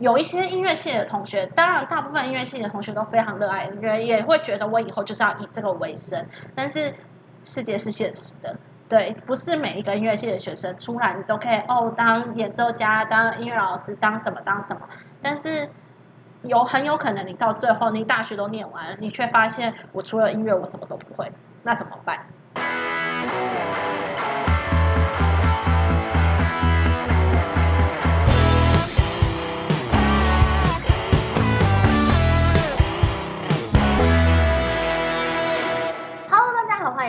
有一些音樂系的同學，當然大部分音樂系的同學都非常熱愛音樂，覺得也會覺得我以後就是要以這個為生。但是世界是現實的，對，不是每一個音樂系的學生出來你都可以哦，當演奏家、當音樂老師、當什麼當什麼。但是有很有可能你到最後你大學都念完了，你卻發現我除了音樂我什麼都不會，那怎麼辦？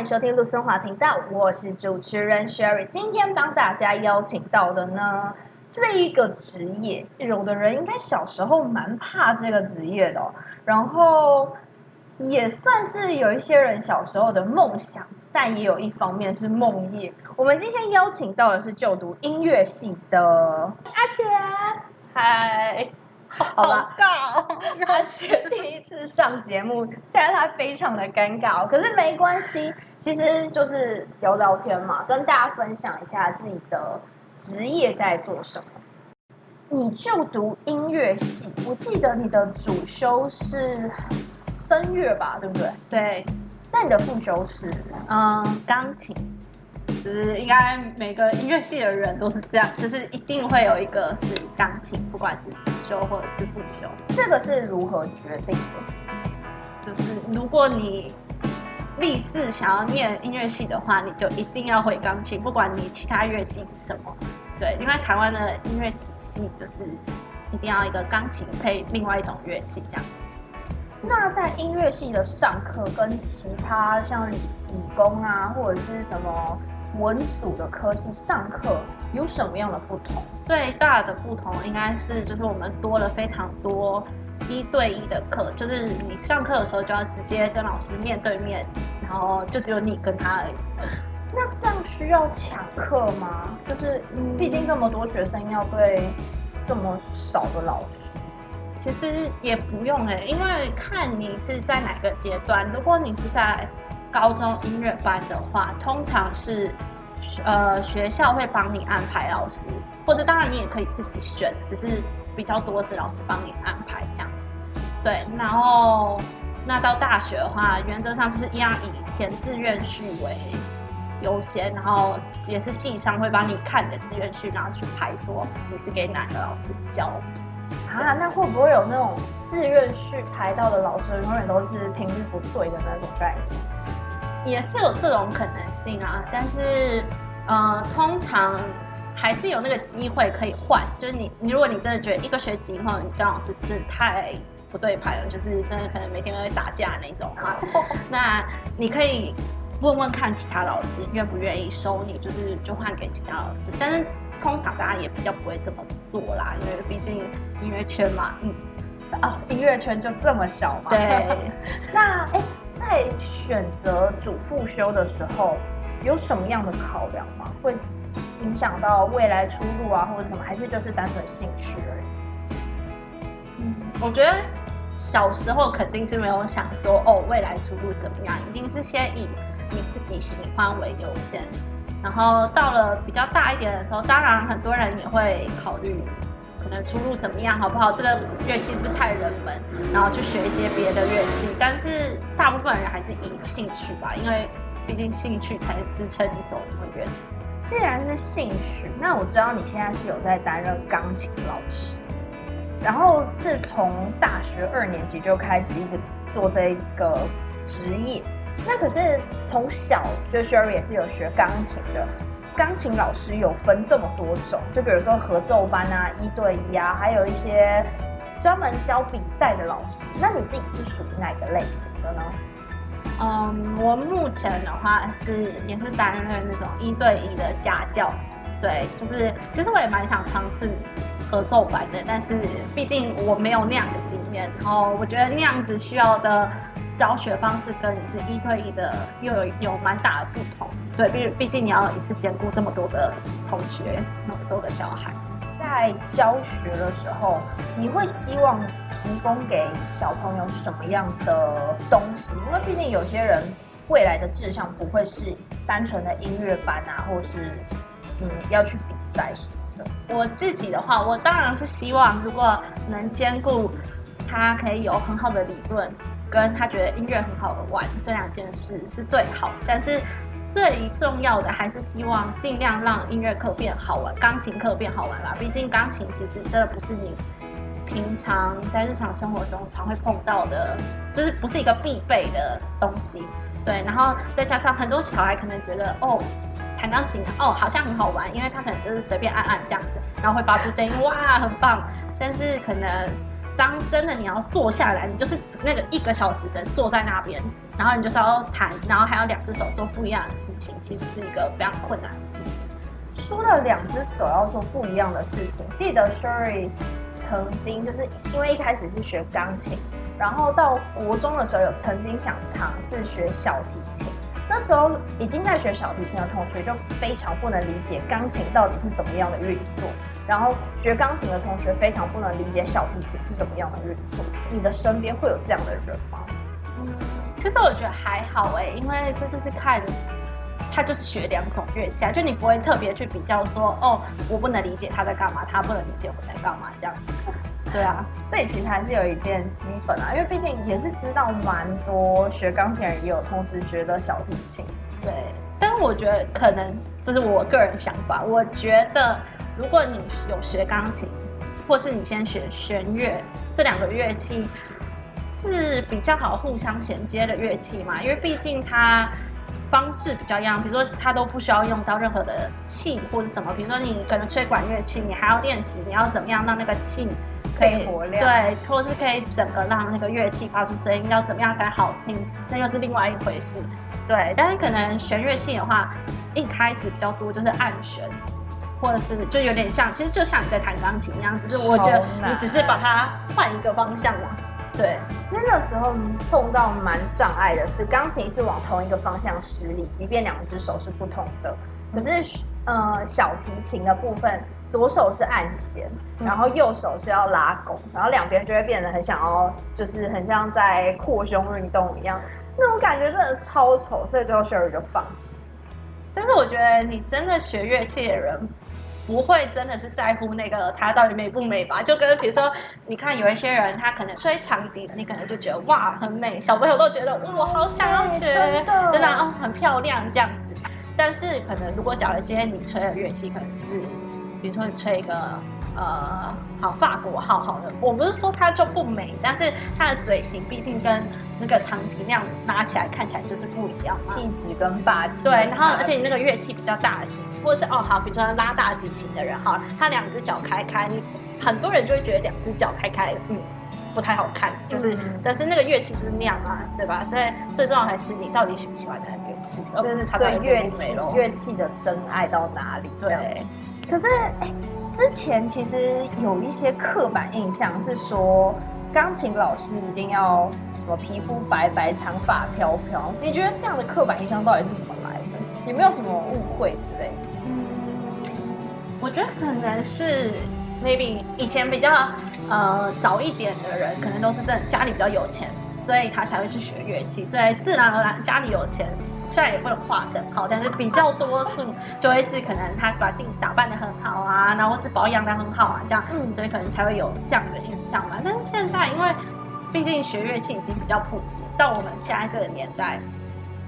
歡迎收聽路森華頻道，我是主持人 Sherry。今天幫大家邀請到的呢，這一個職業，有的人應該小時候蠻怕這個職業的哦，然後也算是有一些人小時候的夢想，但也有一方面是夢魘。我們今天邀請到的是就讀音樂系的阿茄，嗨。Hi 好吧，而且第一次上節目，現在他非常的尷尬。可是沒關係，其實就是聊聊天嘛，跟大家分享一下自己的職業在做什麼。你就讀音樂系，我記得你的主修是聲樂吧，對不對？對。那你的副修是？嗯，鋼琴。就是應該每個音樂系的人都是這樣，就是一定會有一個是鋼琴，不管是。修或者是不修，這個是如何決定的？就是如果你立志想要念音樂系的話，你就一定要會鋼琴，不管你其他樂器是什麼。對，因為台灣的音樂體系就是一定要一個鋼琴配另外一種樂器這樣子。那在音樂系的上課跟其他像理工啊或者是什麼文組的科系上課？有什麼樣的不同？最大的不同應該是，就是我們多了非常多一對一的課，就是你上課的時候就要直接跟老師面對面，然後就只有你跟他而已，嗯。那這樣需要搶課嗎？就是畢竟這麼多學生要對這麼少的老師，嗯、其實也不用誒、欸。因為看你是在哪個階段。如果你是在高中音樂班的話，通常是。呃，學校會幫你安排老師，或者當然你也可以自己選，只是比較多是老師幫你安排這樣子。對，然後那到大學的話，原則上就是一樣以填志願序為優先，然後也是系上會幫你看你的志願序，然後去排說你是給哪個老師教。啊，那會不會有那種志願序排到的老師永遠都是頻率不對的那種概念？也是有這種可能性啊，但是，呃，通常還是有那個機會可以換，就是你你如果你真的覺得一個學期以後你剛老師是太不對盤了，就是真的可能每天都會打架那種啊、哦，那你可以問問看其他老師願不願意收你，就是就換給其他老師，但是通常大家也比較不會這麼做啦，因為畢竟音樂圈嘛，嗯，哦、音樂圈就這麼小嘛，對， 那哎。欸在選擇主副修的時候，有什麼樣的考量嗎？會影響到未來出路啊，或者什麼？還是就是單純興趣而已？嗯，我覺得小時候肯定是沒有想說哦，未來出路怎麼樣，一定是先以你自己喜歡為優先。然後到了比較大一點的時候，當然很多人也會考慮。可能出路怎麼樣，好不好？這個樂器是不是太熱門？然後去學一些別的樂器，但是大部分人還是以興趣吧，因為畢竟興趣才支撐你走那麼遠。既然是興趣，那我知道你現在是有在擔任鋼琴老師，然後是從大學二年級就開始一直做這一個職業。那可是從小學 Sherry 也是有學鋼琴的。鋼琴老師有分這麼多種，就比如說合奏班啊、一對一啊，還有一些專門教比賽的老師。那你自己是屬於哪個類型的呢？嗯，我目前的話是也是擔任那種一對一的家教，對，就是其實我也蠻想嘗試合奏班的，但是畢竟我沒有那樣的經驗，然後我覺得那樣子需要的。教學方式跟你是一對一的，又有有蠻大的不同。對，畢畢竟你要一次兼顧這麼多的同學，那麼多的小孩，在教學的時候，你會希望提供給小朋友什麼樣的東西？因為畢竟有些人未來的志向不會是單純的音樂班啊，或是嗯要去比賽什麼的。我自己的話，我當然是希望如果能兼顧他可以有很好的理論。跟他覺得音樂很好玩這兩件事是最好，但是最重要的還是希望儘量讓音樂課變好玩，鋼琴課變好玩啦。畢竟鋼琴其實真的不是你平常在日常生活中常會碰到的，就是不是一個必備的東西。對，然後再加上很多小孩可能覺得哦，彈鋼琴哦好像很好玩，因為他可能就是隨便按按這樣子，然後會發出聲音，哇，很棒。但是可能。當真的，你要坐下來，你就是那個一個小時的坐在那邊，然後你就是要彈，然後還有兩只手做不一樣的事情，其實是一個非常困難的事情。說到兩只手要做不一樣的事情，記得 Sherry 曾經就是因為一開始是學鋼琴，然後到國中的時候有曾經想嘗試學小提琴。那時候已經在學小提琴的同學就非常不能理解鋼琴到底是怎麼樣的運作，然後學鋼琴的同學非常不能理解小提琴是怎麼樣的運作。你的身邊會有這樣的人嗎？嗯，其實我覺得還好哎，欸，因為這就是看。他就是學兩種樂器啊，就你不會特別去比較說，哦，我不能理解他在幹嘛，他不能理解我在幹嘛這樣子呵呵。對啊，所以其實還是有一點基本啊，因為畢竟也是知道蠻多學鋼琴人也有同時學的小提琴。對，但我覺得可能這、就是我個人想法，我覺得如果你有學鋼琴，或是你先學弦樂，這兩個樂器是比較好互相銜接的樂器嘛，因為畢竟它。方式比較一樣，比如說他都不需要用到任何的氣或者什麼，比如說你可能吹管樂器，你還要練習，你要怎麼樣讓那個氣可以，可以活亮，對，或是可以整個讓那個樂器發出聲音，要怎麼樣才好聽，那又是另外一回事，對。但是可能弦樂器的話，一開始比較多就是按弦，或者是就有點像，其實就像你在彈鋼琴一樣，只是我覺得你只是把它換一個方向嘛。對，真的時候碰到蠻障礙的是，鋼琴是往同一個方向施力，即便兩只手是不同的。可是，呃，小提琴的部分，左手是按弦，然後右手是要拉弓，然後兩邊就會變得很想要，就是很像在擴胸運動一樣，那種感覺真的超醜，所以最後 Sherry 就放棄。但是我覺得你真的學樂器的人。不會真的是在乎那個她到底美不美吧？就跟比如說，你看有一些人，他可能吹長笛，你可能就覺得哇，很美，小朋友都覺得哇、哦、我好想要學，真的哦，很漂亮這樣子。但是可能如果假如今天你吹的樂器可能是，比如說你吹一個。呃，好，法國號，好的，我不是說他就不美，但是他的嘴型畢竟跟那個長笛那樣拉起來，看起來就是不一樣，氣質跟霸氣。對，然後而且你那個樂器比較大型，嗯、或者是哦，好，比如說拉大提琴的人哈，他兩隻腳開開，很多人就會覺得兩隻腳開開，嗯，不太好看，就是，嗯嗯，但是那個樂器就是那樣啊，對吧？所以最重要還是你到底喜不喜歡那個樂器，嗯哦，就是對他對樂器樂器的真愛到哪裡？對。對可是、欸，之前其實有一些刻板印象是說，鋼琴老師一定要什麼皮膚白白、長髮飄飄。你覺得這樣的刻板印象到底是怎麼來的？有沒有什麼誤會之類的？嗯，我覺得可能是，maybe 以前比較呃早一點的人，可能都是在家裡比較有錢，所以他才會去學樂器，所以自然而然家裡有錢。雖然也不能畫得很好，但是比較多數就會是可能他把自己打扮得很好啊，然後是保養得很好啊，這樣，嗯，所以可能才會有這樣的印象嘛。但是現在因為畢竟學樂器已經比較普及，到我們現在這個年代，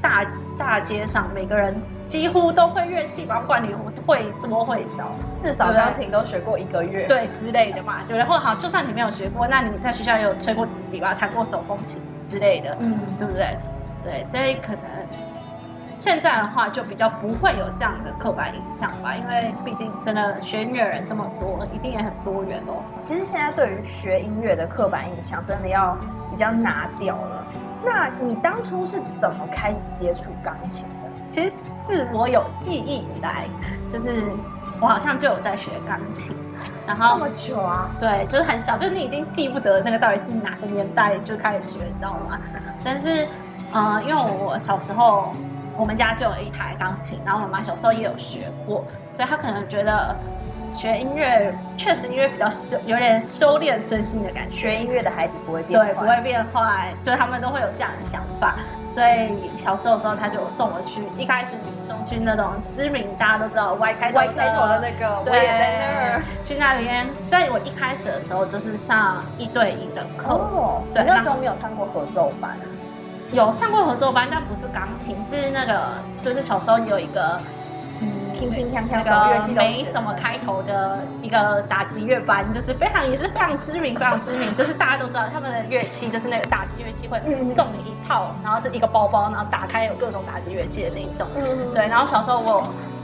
大大街上每個人幾乎都會樂器，不管你會多會少，至少鋼琴都學過一個月，對，對之類的嘛。對，或會好，就算你沒有學過，那你在學校也有吹過直笛吧，彈過手風琴之類的，嗯，對不對？對，所以可能。現在的話就比較不會有這樣的刻板印象吧，因為畢竟真的學音樂的人這麼多，一定也很多元哦。其實現在對於學音樂的刻板印象真的要比較拿掉了。嗯。那你當初是怎麼開始接觸鋼琴的？其實自我有記憶以來，就是我好像就有在學鋼琴，然後，那麼久啊？對，就是很小，就是你已經記不得那個到底是哪個年代就開始學，你 知道嗎？但是，呃，因為我小時候。我們家就有一台鋼琴，然後我媽小時候也有學過，所以她可能覺得學音樂確實因為比較修，有點修煉身心的感覺，學音樂的孩子不會變壞，對，不會變壞，所以他們都會有這樣的想法。所以小時候的時候，她就送我去，一開始送去那種知名大家都知道 Y 開頭的 Y 開頭的那個，對那，去那邊。在我一開始的時候就是上一對一的課，哦，對，你那時候沒有上過合奏班？有上過合作班，但不是鋼琴，是那個，就是小時候有一個，嗯，輕輕飄飄，那個、樂器的沒什麼開頭的一個打擊樂班，就是非常也是非常知名，非常知名， 就是大家都知道他們的樂器就是那個打擊樂器會送你一套，嗯、然後是一個包包，然後打開有各種打擊樂器的那一種，嗯對。然後小時候我有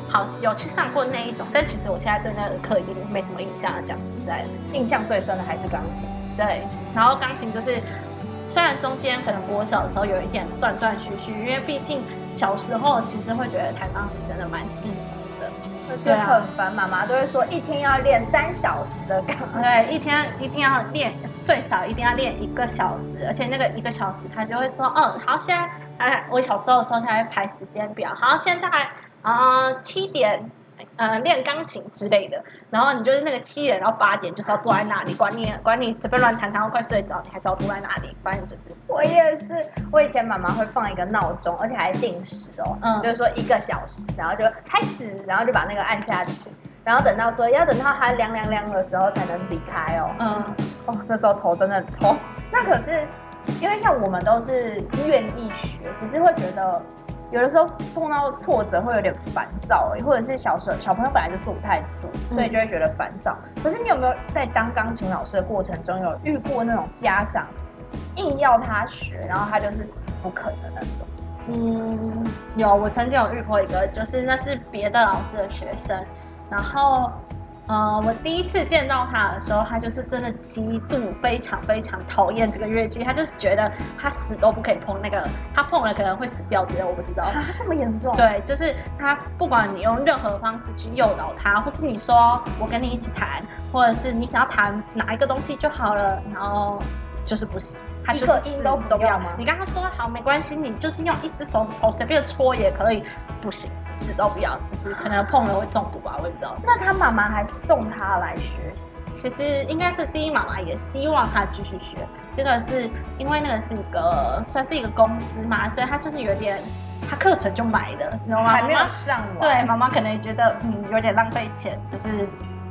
好有去上過那一種，但其實我現在對那個課已經沒什麼印象了，講實在的，印象最深的還是鋼琴，對，然後鋼琴就是。雖然中間可能我小時候有一點斷斷續續，因為畢竟小時候其實會覺得彈鋼琴真的蠻辛苦的。對啊，很煩，媽媽都會說一天要練三小時的感覺，對，一天一定要練，最少一定要練一個小時，而且那個一個小時他就會說，嗯、哦，好，現在我小時候的時候他會排時間表，好，現在啊、呃、七點。呃、嗯，練鋼琴之類的，然後你就是那個七點，到八點就是要坐在那裡，管你管你隨便亂彈彈，我快睡着，你還是要坐在那裡，反正就是。我也是，我以前媽媽會放一個鬧鐘，而且還定時哦、嗯，就是說一個小時，然後就開始，然後就把那個按下去，然後等到說要等到它“亮亮亮”的時候才能離開哦。嗯，哦，那時候頭真的很痛。那可是因為像我們都是願意學，只是會覺得。有的時候碰到挫折會有點煩躁，或者是小時候小朋友本來就坐不太住，所以就會覺得煩躁。嗯。可是你有沒有在當鋼琴老師的過程中有遇過那種家長硬要他學，然後他就是不肯的那種？嗯，有，我曾經有遇過一個，就是那是別的老師的學生，然後。呃，我第一次見到他的時候，他就是真的極度非常非常討厭這個樂器，他就是覺得他死都不可以碰那個，他碰了可能會死掉，這樣我不知道。啊，這麼嚴重？對，就是他不管你用任何方式去誘導他，或是你說我跟你一起彈，或者是你想要彈哪一個東西就好了，然後就是不行，他就是死。一個音都不用嗎？你跟他說好沒關係，你就是用一隻手指頭，隨便戳也可以，不行。死都不要，就是可能碰了會中毒吧，我也不知道。嗯，那他媽媽還送他來學習，其實應該是第一媽媽也希望他繼續學。第二是因為那個是一個算是一個公司嘛，所以他就是有點他課程就買了，你知道嗎？還沒有上完。媽媽對，媽媽可能也覺得嗯有點浪費錢，就是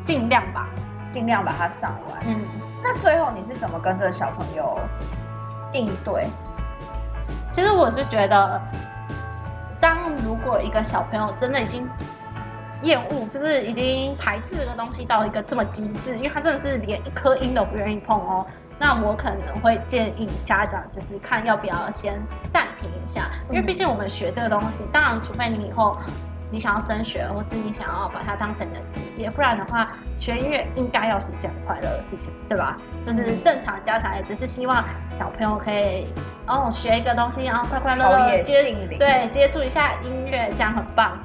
盡量吧，盡量把它上完。嗯，那最後你是怎麼跟這個小朋友應對？其實我是覺得。當如果一個小朋友真的已經厭惡，就是已經排斥這個東西到一個這麼極致，因為他真的是連一顆音都不願意碰哦，那我可能會建議家長，就是看要不要先暫停一下，因為畢竟我們學這個東西，當然除非你以後。你想要升學，或是你想要把它當成你的職業，不然的話，學音樂應該要是一件快樂的事情，對吧？就是正常家長也只是希望小朋友可以，哦，學一個東西，然後快快樂樂，樂，陶冶性靈，對，接觸一下音樂，這樣很棒，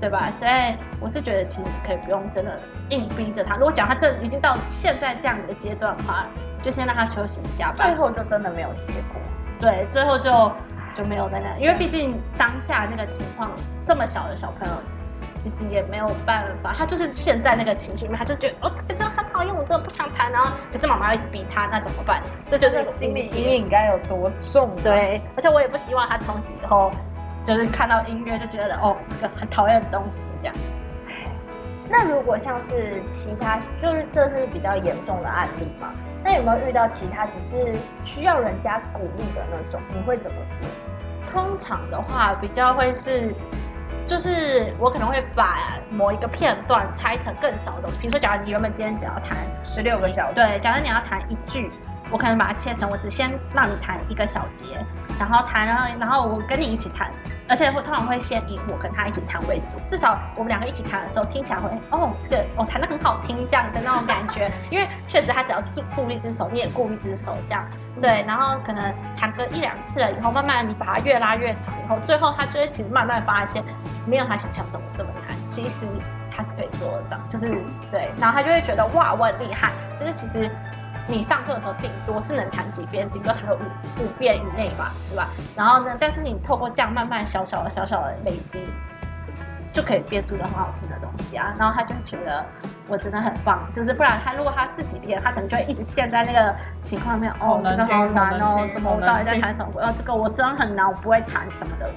對吧？所以我是覺得，其實你可以不用真的硬逼着他。如果講他這已經到現在這樣的階段的話，就先讓他休息一下吧，最後就真的沒有結果。對，最後就。就沒有在那，因為畢竟當下那個情況，這麼小的小朋友，其實也沒有辦法。他就是陷在那個情緒裡面，他就覺得哦，這個真的很討厭，我這個不想談。然後可是媽媽一直逼他，那怎麼辦？這就是心理陰影該有多重。嗯。對，而且我也不希望他從此以後就是看到音樂就覺得哦，這個很討厭的東西這樣。那如果像是其他，就是這是比較嚴重的案例嘛那有沒有遇到其他只是需要人家鼓勵的那種？你會怎麼做？通常的話，比較會是，就是我可能會把某一個片段拆成更少的東西。比如說，假如你原本今天只要彈十六個小時，對，假如你要彈一句。我可能把它切成，我只先讓你彈一個小節，然後彈，然後然後我跟你一起彈，而且會通常會先以我跟他一起彈為主，至少我們兩個一起彈的時候聽起來會哦，這個我彈得很好聽這樣的那種感覺， 因為確實他只要顧顧一隻手，你也顧一隻手這樣，對，然後可能彈個一兩次了以後，慢慢你把它越拉越長以後，最後他就會其實慢慢發現，沒有他想象中這麼難，其實他是可以做的，就是對，然後他就會覺得哇，我很厲害，就是其實。你上課的時候，頂多是能彈幾遍，頂多彈個五五遍以內吧，對吧？然後呢，但是你透過這樣慢慢小小的、小小的累積，就可以憋出的很好聽的東西啊。然後他就覺得我真的很棒，就是不然他如果他自己憋，他可能就會一直陷在那個情況裡面。哦，真的好難哦，什麼我、哦、到底在彈什麼，麼？哦，這個我真的很難，我不會彈什麼的。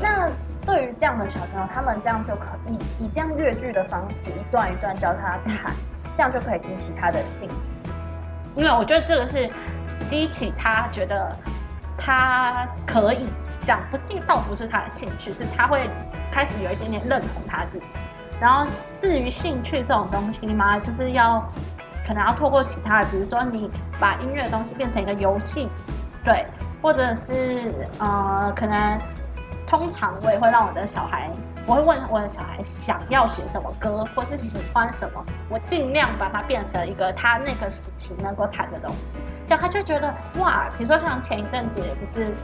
那對於這樣的小朋友，他們這樣就可以以這樣樂句的方式，一段一段教他彈，這樣就可以激起他的興趣。因為我覺得這個是激起他覺得他可以講不定倒不是他的興趣，是他會開始有一點點認同他自己。然後至於興趣這種東西嘛，就是要可能要透過其他的，比如說你把音樂的東西變成一個遊戲，對，或者是呃，可能。通常我也會讓我的小孩，我會問我的小孩想要寫什麼歌，或是喜歡什麼，嗯、我盡量把它變成一個他那個時期能夠彈的東西。小孩就覺得哇，比如說像前一陣子也不是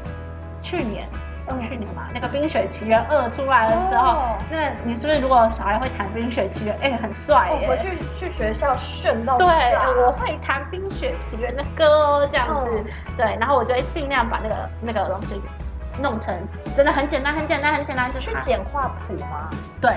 去年，嗯，去年嘛，那個《冰雪奇緣二》出來的時候，哦，那你是不是如果小孩會彈《冰雪奇緣》，哎，很帥耶，哦、我去去學校炫弄，對，我會彈《冰雪奇緣》的歌哦，這樣子，哦。對，然後我就會盡量把那個那個東西。弄成真的很簡單，很簡單，很簡單就，去簡化譜嗎？對，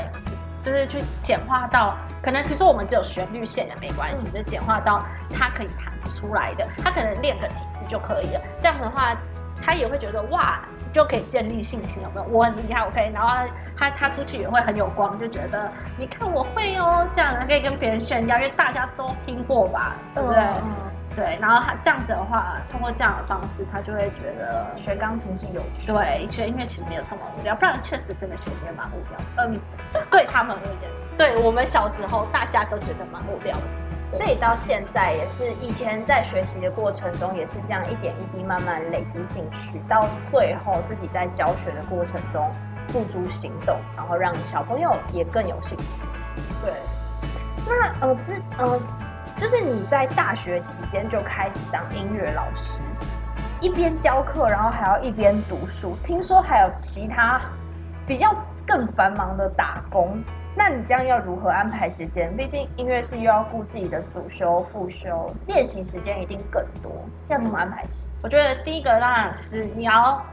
就是去簡化到可能其實我們只有旋律線也沒關係、嗯，就簡化到他可以彈出來的，他可能練個幾次就可以了。這樣的話，他也會覺得哇，就可以建立信心，有沒有？我很厲害，我可以。然後他他出去也會很有光，就覺得你看我會哦，這樣可以跟別人炫耀，因為大家都聽過吧，對不對？哦對，然後他這樣子的話，通過這樣的方式，他就會覺得學鋼琴是有趣的。對，學音樂其實沒有這麼無聊，不然確實真的學音樂蠻無聊。嗯，對他們而言，對，我們小時候大家都覺得蠻無聊的，所以到現在也是。以前在學習的過程中也是這樣一點一滴慢慢累積興趣，到最後自己在教學的過程中付諸行動，然後讓你小朋友也更有興趣。對，那呃之呃。就是你在大學期間就開始當音樂老師，一邊教課，然後還要一邊讀書。聽說還有其他比較更繁忙的打工，那你將要如何安排時間？畢竟音樂是又要顧自己的主修、副修，練習時間一定更多。要怎麼安排時間？我覺得第一個當然是你要。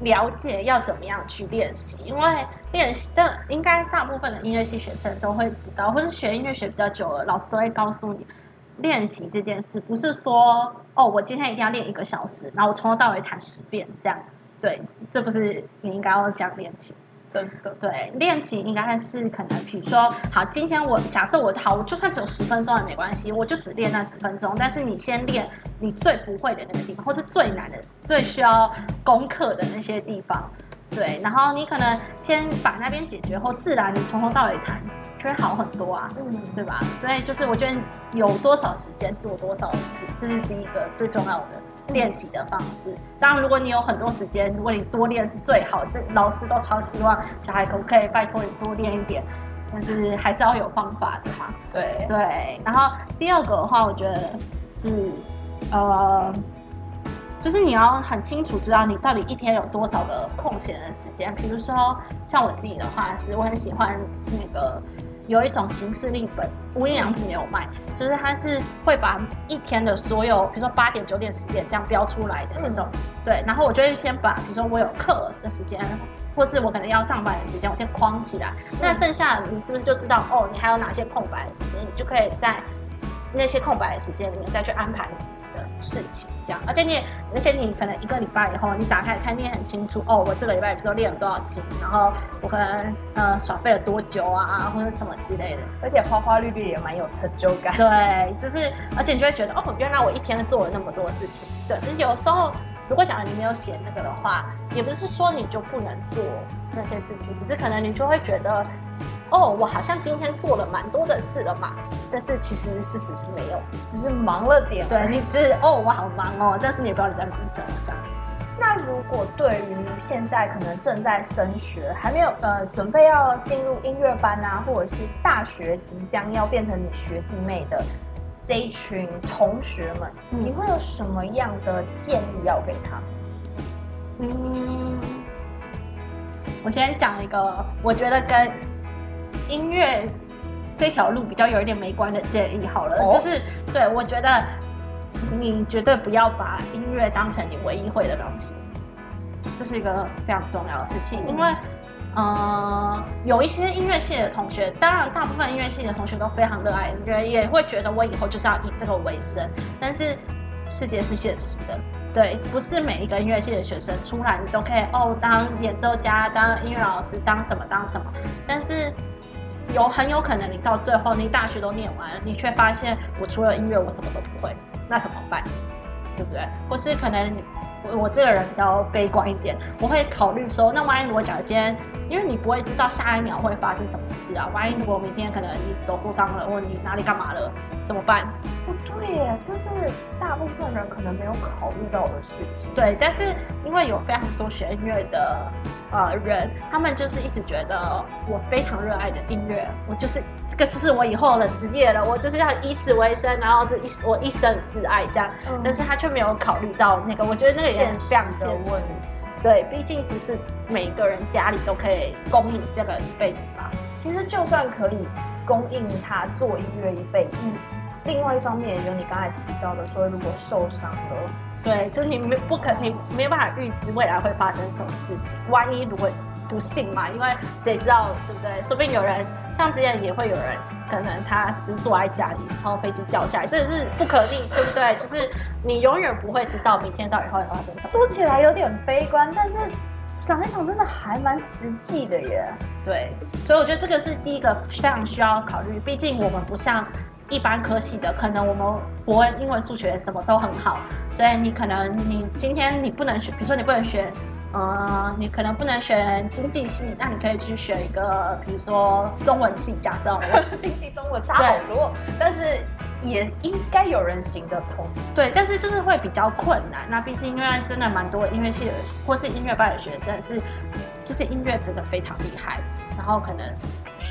了解要怎麼樣去練習，因為練習的應該大部分的音樂系學生都會知道，或是學音樂學比較久了，老師都會告訴你，練習這件事不是說哦，我今天一定要練一個小時，然後我從頭到尾彈十遍這樣，對，這不是你應該要講練琴。對對對，練琴應該還是可能，比如說，好，今天我假設我好，我就算只有十分鐘也沒關係，我就只練那十分鐘。但是你先練你最不會的那個地方，或是最難的、最需要攻克的那些地方，對。然後你可能先把那邊解決後，後自然你從頭到尾彈。會好很多啊，對吧？嗯。所以就是我覺得有多少時間做多少次，這是第一個最重要的練習的方式。當然，如果你有很多時間，如果你多練是最好。這老師都超希望小孩可以拜託你多練一點，但是還是要有方法的哈。對對。然後第二個的話，我覺得是呃，就是你要很清楚知道你到底一天有多少個空閒的時間。比如說像我自己的話是，是我很喜歡那個。有一種行事曆本，無印良品沒有賣，嗯、就是它是會把一天的所有，比如說八點、九點、十點這樣標出來的那種、嗯。對，然後我就會先把，比如說我有課的時間，或是我可能要上班的時間，我先框起來。嗯、那剩下的你是不是就知道哦？你還有哪些空白的時間，你就可以在那些空白的時間裡面再去安排你自己。的事情，這樣，而且你，而且你可能一個禮拜以後，你打開看，你也很清楚哦，我這個禮拜比如說練了多少琴，然後我可能呃耍廢了多久啊，或者什麼之類的，而且花花綠綠也蠻有成就感，對，就是，而且你就會覺得哦，原來我一天做了那麼多事情，對，有時候如果講你沒有寫那個的話，也不是說你就不能做那些事情，只是可能你就會覺得。哦，我好像今天做了蠻多的事了嘛，但是其實事實是沒有，只是忙了點。對，你只是哦，我好忙哦，但是你也不知道你在忙什麼。這樣。那如果對於現在可能正在升學，還沒有呃準備要進入音樂班啊，或者是大學即將要變成你學弟妹的這一群同學們，嗯，你會有什麼樣的建議要給他？嗯，我先講一個，我覺得跟。音樂這條路比較有一點沒關的建議好了，oh. 就是對，我覺得你絕對不要把音樂當成你唯一會的東西，這是一個非常重要的事情。Oh. 因為，呃，有一些音樂系的同學，當然大部分音樂系的同學都非常熱愛音樂，也會覺得我以後就是要以這個為生。但是，世界是現實的，對，不是每一個音樂系的學生出來你都可以哦當演奏家、當音樂老師、當什麼當什麼，但是。有很有可能，你到最後你大學都念完，你卻發現我除了音樂我什麼都不會，那怎麼辦？對不對？或是可能我我這個人比較悲觀一點，我會考慮說，那萬一我假如今天，因為你不會知道下一秒會發生什麼事啊，萬一如果明天可能你手受傷了，或你哪裡幹嘛了，怎麼辦？對，這是大部分人可能沒有考慮到的事情。對，但是因為有非常多學音樂的呃人，他們就是一直覺得我非常熱愛的音樂，我就是這個，這是我以後的職業了，我就是要以此為生，然後這一我一生摯愛這樣。嗯。但是他卻沒有考慮到那個，我覺得這個也是非常現實，現實的。對，畢竟不是每個人家裡都可以供應這個一輩子嘛。其實就算可以供應他做音樂一輩子。嗯另外一方面，有你剛才提到的，說如果受傷了，對，就是你沒不可能，你沒辦法預知未來會發生什麼事情。萬一如果不幸嘛，因為誰知道，對不對？說不定有人像之前也會有人，可能他只是坐在家裡，然後飛機掉下來，這是不可逆，對不對？就是你永遠不會知道明天到底會發生什麼事情。說起來有點悲觀，但是想一想，真的還蠻實際的耶。對，所以我覺得這個是第一個非常需要考慮，畢竟我們不像。一般科系的，可能我們國文、英文、數學什麼都很好，所以你可能你今天你不能學，比如說你不能學，呃，你可能不能選經濟系，那你可以去學一個，比如說中文系。假設我經濟中文差很多，但是也應該有人行得通。對，但是就是會比較困難。那畢竟因為真的蠻多音樂系的或是音樂班的學生是，就是音樂真的非常厲害，然後可能。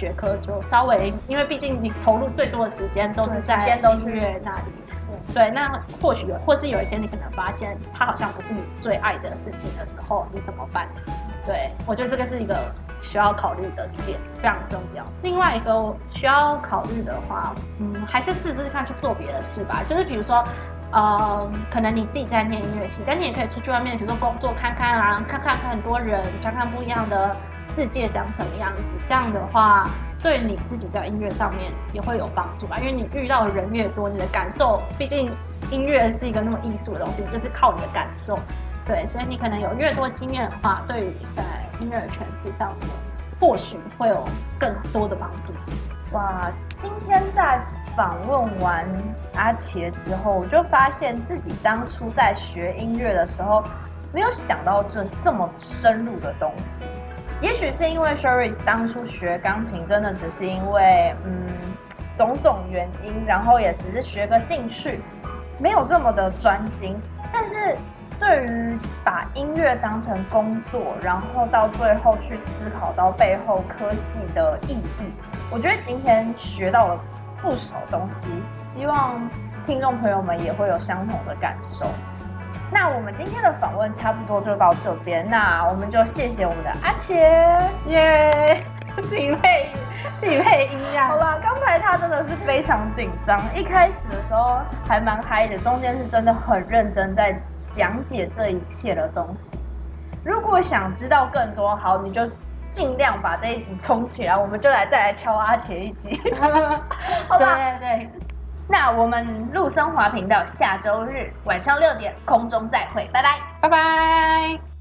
學科就稍微，因為畢竟你投入最多的時間都是在音樂那裡。對，那或許或是有一天你可能發現它好像不是你最愛的事情的時候，你怎麼辦呢？對，我覺得這個是一個需要考慮的一點，非常重要。另外一個需要考慮的話，嗯，還是試試看去做別的事吧。就是比如說，嗯、呃，可能你自己在念音樂系，但你也可以出去外面，比如說工作看看啊，看看很多人，看看不一樣的。世界長什麼樣子？這樣的話，對你自己在音樂上面也會有幫助吧。因為你遇到的人越多，你的感受，畢竟音樂是一個那麼藝術的東西，就是靠你的感受。對，所以你可能有越多經驗的話，對於在音樂的詮釋上面，或許會有更多的幫助。哇，今天在訪問完阿茄之後，我就發現自己當初在學音樂的時候，沒有想到這這麼深入的東西。也許是因為 Sherry 當初學鋼琴，真的只是因為嗯種種原因，然後也只是學個興趣，沒有這麼的專精。但是對於把音樂當成工作，然後到最後去思考到背後科系的意義，我覺得今天學到了不少東西。希望聽眾朋友們也會有相同的感受。那我們今天的訪問差不多就到這邊，那我們就謝謝我們的阿茄耶，自己配自己配音啊。好吧，剛才他真的是非常緊張，一開始的時候還蠻嗨的，中間是真的很認真在講解這一切的東西。如果想知道更多，好，你就儘量把這一集衝起來，我們就來再來敲阿茄一集， 好吧？對對。那我們路森華頻道下週日晚上六點空中再會，拜拜，拜拜。